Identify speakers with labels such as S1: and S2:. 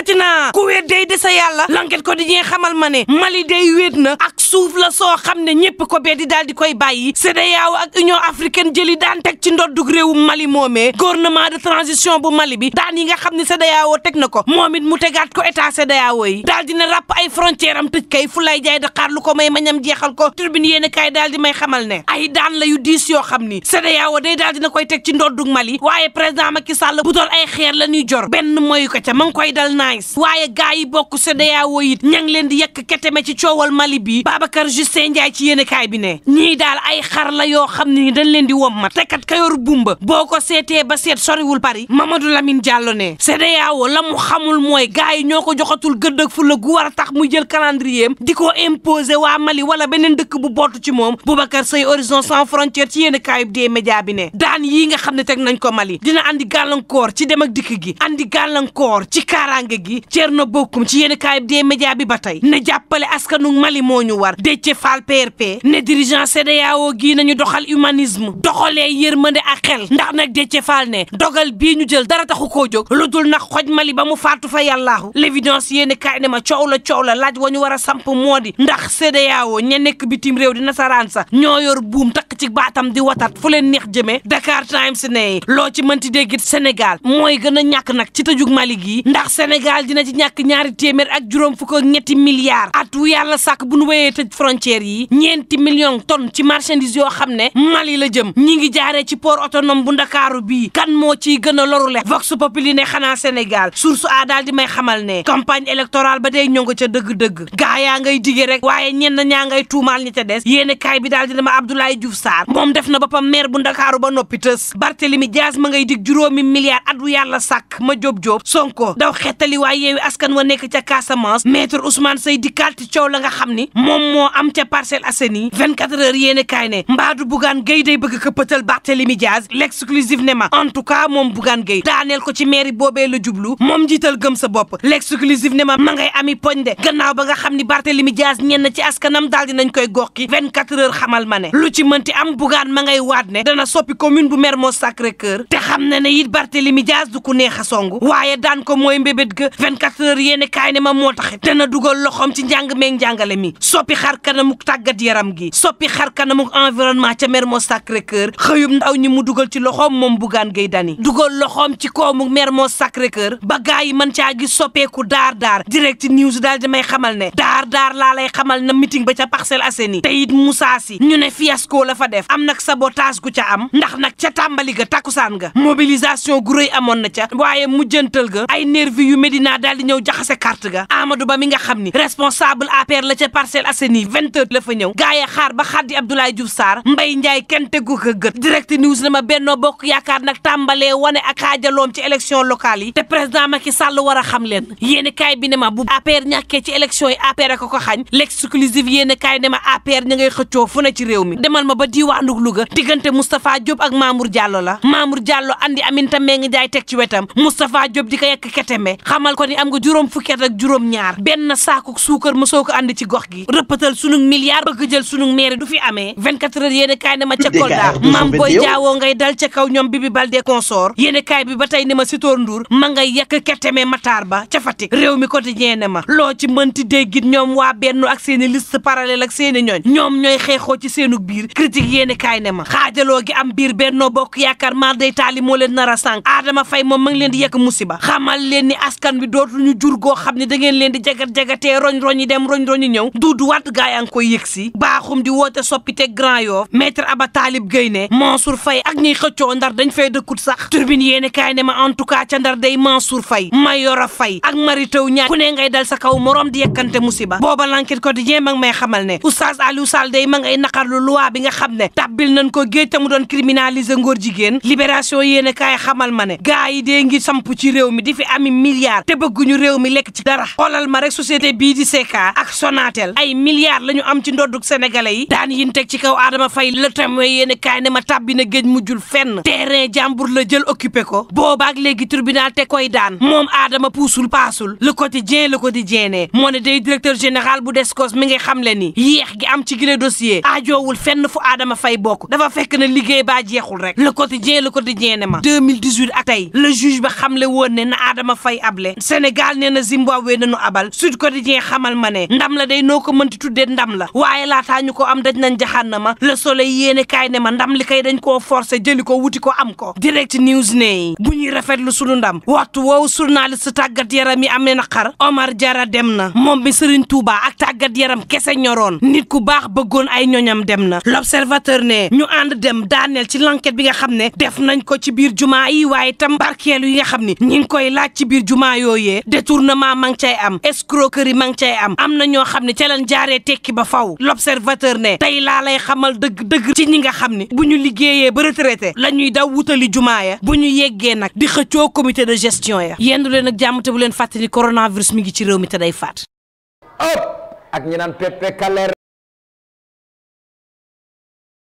S1: yëkkati naa ku weet day desa yàlla lanket ko di ñee xamal ma ne Mali day weet na ak suuf la soo xam ne ñépp ko bee di daal di koy bàyyi CEDEAO ak Union africaine jëli daan teg ci ndoddug réewu Mali moomee gouvernement de transition bu Mali bi daan yi nga xam ne CEDEAO teg na ko moom it mu tegaat ko état CEDEAO yi daal dina ràpp ay frontière am tëj kay fu lay jaay ko may ma mañam jeexal ko turbine yéen a kaay daal di may xamal ne ay daan la yu diis yoo xam ni CEDEAO day daal dina koy teg ci ndoddug Mali waaye président Macky Sall bu doon ay xeer la nice waaye gars yi bokk CEDEAO it ña ngi leen di yekk keteme ci coowal Mali bi Babacar Justin Ndiaye ci yéenekaay bi ne ñii daal ay xar la yoo xam ne dañ leen di wommat te kat kayoor bumba boo ko seetee ba seet soriwul Paris Mamadou Lamine Diallo ne CEDEAO la mu xamul mooy gars yi ñoo ko joxatul gëdd ak fulla gu war tax mu jël calendrier am di ko imposer waa Mali wala beneen dëkk bu bootu ci moom Boubacar Seye Horizon Sans Frontières ci yéenekaay bi des médias bi ne daan nga xam ne teg nañ ko Mali dina andi gàllankoor ci dem ak dikk gi andi gàllankoor léegi Thierno Bocoum ci yéen kaay des médias bi ba tey ne jàppale askanu Mali moo ñu war Déthié Fall PRP ne dirigeant CEDEAO gii nañu doxal humanisme doxalee yërmande ak xel ndax nag Déthié Fall ne dogal bii ñu jël dara taxu koo jóg lu dul nag xoj Mali ba mu faatu fa yàllaahu l'évidence yéen kaay ne ma coow la coow la laaj wa ñu war a samp moo di ndax CEDEAO ña nekk bitim réew di nasaraan sa ñoo yor buum takk ci baatam di watat fu leen neex jëmee Dakar Times ne loo ci mënti déggit Sénégal mooy gën a ñàkk nag ci tëjug Mali Sénégal dina ci ñàkk ñaari téeméer ak juróom fukk ak ñetti milliards at wu yàlla sàkk bu nu wéyee tëj frontières yi ñeenti million tonnes ci marchandise yoo xam ne Mali la jëm ñi ngi jaaree ci port autonome bu Ndakaaru bi kan moo ciy gën a lorule Vox Populi ne xanaa senegal source a daal di may xamal ne campagne électorale ba day ñongo ca dëgg-dëgg gaa yaa ngay dige rek waaye ñenn ñaa ngay tuumaal ñi ca des yéene kaay bi daal di dama Abdoulaye Diouf Sarr moom def na boppam maire bu Ndakaaru ba noppi tës Barthélemy Dias ma ngay dig juróomi milliards at wu yàlla sàkk ma jóob jóob Sonko waa yeewi askan wa nekk ca Casamance maître Ousmane Seye dikkaat ci coow la nga xam ni moom moo am ca Parcelles Assainies 24 heures yéene kaay ne mbaadu Bougane Gueye day bëgg këppatal Barthélémy Diaz l'exclusive ne ma en tout cas moom Bougane Gueye daaneel ko ci mairie boobee la jublu moom jiital gëm sa bopp l'exclusive ne ma ma ngay ami poñ de gannaaw ba nga xam ni Barthélémy Diaz ñenn ci askanam daal dinañ koy goxki 24 heures xamal ma ne lu ci mënti am bugaan ma ngay waat ne dana soppi commune bu moo Sacré-Cœur te xam na ne it Barthélémy Diaz du ko neex a song waaye daan ko mooy mbébét 24 heures yéen kaay ne ma moo taxit dana dugal loxoom ci njàng meeg njàngale mi soppi xar kanamu tàggat yaram gi soppi xar kanamu environnement ca Mermoz Sacré-Cœur xëyum ndaw ñi mu dugal ci loxoom moom Bougane Gueye Dany dugal loxoom ci koomu Mermoz Sacré-Cœur ba gaay yi mën caa gi soppeeku daar daar direct news daal di may xamal ne daar daar laa lay xamal na meeting ba ca Parcelles Assainies ni it Moussa si ñu ne fiasco la fa def am nag sabotage ku ca am ndax nag ca tàmbali ga takkusaan ga mobilisation gu rëy amoon na ca waaye mujjantal ga ay naa daal di ñëw jaxase carte ga Amadou Ba mi nga xam ni responsable APR la ca Parcelles Assainies vingt heures la fa ñëw gaay a xaar ba xaddi Abdoulaye Diouf Sarr Mbaye Ndiaye kenn tegu ko gët direct news na ma Benno Bokk Yaakaar nag tàmbalee wane ak xaajaloom ci élection locale yi te président Macky Sall war a xam leen yéeni kaay bi ne ma bu APR ñàkkee ci élection yi APR a ko ko xañ l'exclusive yéeni kaay ne ma APR ña ngay xëccoo fu ne ci réew mi demal ma ba diiwaanu Louga diggante Moustapha Diop ak Mamour Diallo la Mamour Diallo andi Aminata Mbengue Ndiaye teg ci wetam Moustapha Diop di ko yekk xamal ko ni am nga juróom fukki at juróom ñaar benn saakuk suukar mosoo ko ànd ci gox gi rëppatal sunu milliard bëgg jël sunu maire du fi amee 24 heures yéen a kaay ne ma ca jaawoo ngay dal ca kaw ñoom Bibi Baldé consort yéen a kaay bi ba tey ne ma Sitor Ndour ma ngay yàq kettemee Matar Ba ca Fatick réew mi quotidien ne ma loo ci mënti déggit ñoom waa benn ak seeni liste parallèle ak seeni ñooñ ñoom ñooy xeexoo ci seenu biir critique yéen a kaay ma xaajaloo gi am biir bennoo bokk yaakaar mar day taali moo leen nar sànq Adama Faye moom ma ngi leen di yekk musiba xamal askan bi dootuñu da ngeen leen di jagat-jagatee roñ roñi dem roñ roñi ñëw duudu wat gaa yaa ngi koy yëg si baaxum di woote soppite Grand Yoff maître Aba Talib Gueye fay dëkkut sax turbine ma en tout cas ca ndar day Mansour Faye Mayoro Faye ak Mary Teuw Niane ku ne ngay dal sa kaw morom di yekkante musiba booba l'enquête quotidien ma ngi may xamal ne oustaz Aliou Sall day ma ngay naqarlu loi bi nga xam ne tàbbil nañ ko géej te mu doon criminaliser ngóor jigéen libération yéeni kaay xamal mi di fi ami Sénégal te bëgguñu réew mi lekk ci dara xoolal ma rek société bii di Seka ak Sonatel ay milliards la ñu am ci ndoddug sénégalais yi daan yin teg ci kaw Adama fay le Témoin yéen kaay ma tàbbi na géej mujjul fenn terrain jàmbur la jël occupé ko boobaak léegi tribunal te koy daan moom Adama puusul paasul le quotidien le quotidien ne moo ne day directeur général bu Descos mi ngi xam le ni yéex gi am ci gile dossier aajoowul fenn fu Adama fay bokk dafa fekk na liggéey baa jeexul rek le quotidien le quotidien ne ma 2018 ak tey le juge ba xamle woon ne na Adama Faye able jàppale Sénégal nee na Zimbabwe nañu abal Sud Quotidien xamal ma ne ndam la day noo ko mënti tuddee ndam la waaye laataa ñu ko am dañ nañ jaxaan na ma Le Soleil yéene kaay ne ma ndam li kay dañ koo forcé jëli ko wuti ko am ko Direct News ne bu ñuy rafetlu sunu ndam waxtu woowu journaliste tàggat yaram yi amee xar Omar Jara dem na moom mi Serigne Touba ak tàggat yaram kese ñoroon nit ku baax bëggoon ay ñoñam dem na L'Observateur ne ñu ànd dem daaneel ci l'enquête bi nga xam ne def nañ ko ci biir jumaa yi waaye xam yooyee détournement ma ngi am escroquerie ma ngi am am na ñoo xam ne ca lañ jaaree tekki ba faw l'observateur ne tey laa lay xamal dëgg dëgg ci ñi nga xam ne bu ñu liggéeyee ba retraité la ñuy daw wutali jumaa ya bu ñu yeggee nag di xëccoo comité de gestion ya yendu leen ak jàmm te bu leen fàttali coronavirus mi ngi ci réew mi te day faat. ak ñi naan pepe kaleer